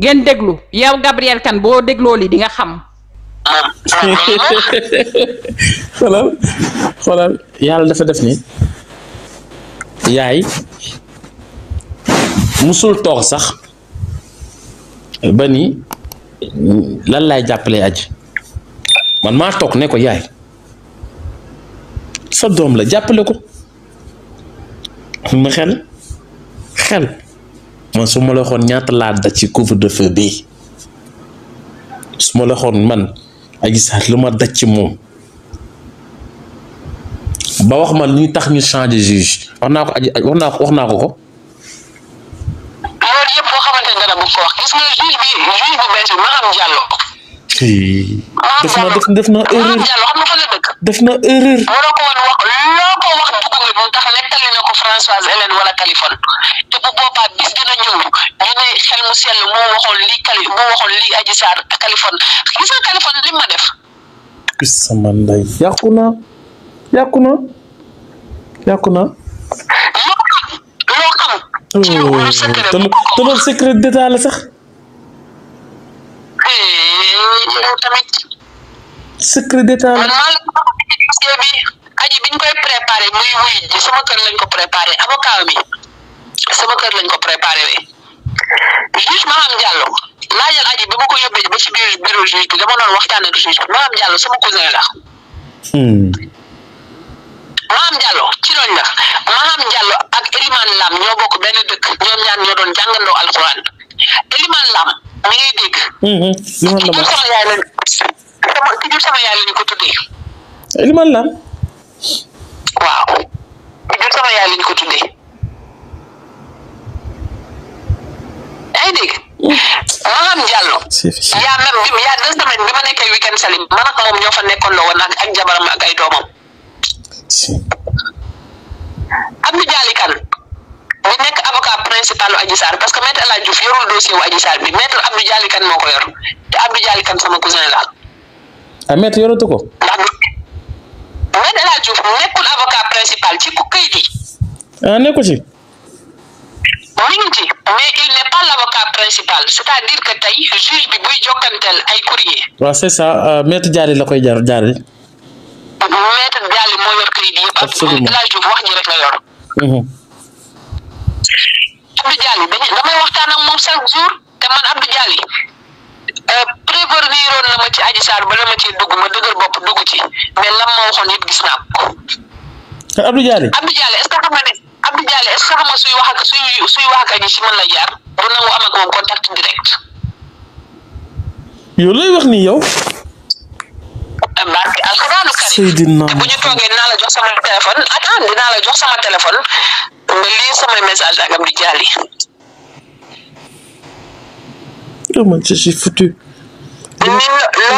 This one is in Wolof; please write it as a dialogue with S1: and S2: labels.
S1: ngeen déglu yow Gabriel kan bo deglo li di nga xam. xolal xolal yàlla dafa def ni yaay musul tok sax bani lan lay jàppale aji man ma tok ne ko yaay sa dom la jàppale ko ma xel xel. man suma ma la ñaata laa daj ci couvre-feu bi su lexoon la xoon man Adji lu ma daj ci moom ba wax ma li tax ñu changer juge wax naa ko aji wax naa ko ko ko. loolu yëpp def na def na erreur def na erreur. dimbali na ko Françoise Hélène wala Kaliphone te bu boobaa bis dina ñëw ñu ne xel mu sell mu waxoon lii Kali mu waxoon lii Adji Sarr Kaliphone gis nga Kaliphone li ma def. bis sama ndey yàqu na yàqu te loolu secret d'état sax. Eh, secret d'état la. man maa préparé muy wuy ji sama kër lañ ko préparé avocat mi sama kër lañ ko préparé wee juge Maham Diallo laajal aji bi ma ko yóbbee ba ci biir bureau juge bi dama doon waxtaan ak juge bi Maham Diallo sama cousin la hmm. Maham Diallo ci loñ Maham Diallo ak Eliman Lam ñoo bokk benn dëkk ñoom ñaar ñoo doon jàngandoo alxuraan Eliman Lam mi ngay dégg hmm, hmm. ki Lam Maham Diallo. yaa même bi yaa deux semaines bi ma nekkee weekend salim man moom ñoo fa nekkoon la woon ak ak jabaram ak ay doomam. Abdou Dialy Kane bi nekk avocat principal Adji Sarr parce que maître El Hadj dossier wu Adji Sarr bi maître Abdou Dialy Kane moo ko yor te Abdou Dialy Kane sama cousin la. ah maître yoratu ko. ndax maître El Hadj nekkul avocat principal ci ku këyit yi. ah nekku ci. mi ngi mais il n'est pas l'avocat principal c'est-à-dire que tey juge bi buy jokkanteel ay courrier waaw c'est ça euh, maître Dialy la koy jar Dialy maître Dialy moo yor këyit wax ji la yor mhm. Abdou Dialy damay waxtaan ak moom jour te Abdou Dialy euh, prévenir woon na ma ci Adji Sarr ba la ma cee dugg ma dëgër bopp dugg ci mais lan ma waxoon yëpp Abdou Dialy Abdou Dialy est-ce que Abdou Diallo est-ce que suy wax ak suy suy wax ak aji si la jaar bu nangu am ak moom contact direct. yow lay wax ni yow. Ah, barke alxuraanu karim Seydina jox sama téléphone attends dinaa la jox sama téléphone nga lii samay message ak Abdou Diallo. oh man je suis foutu.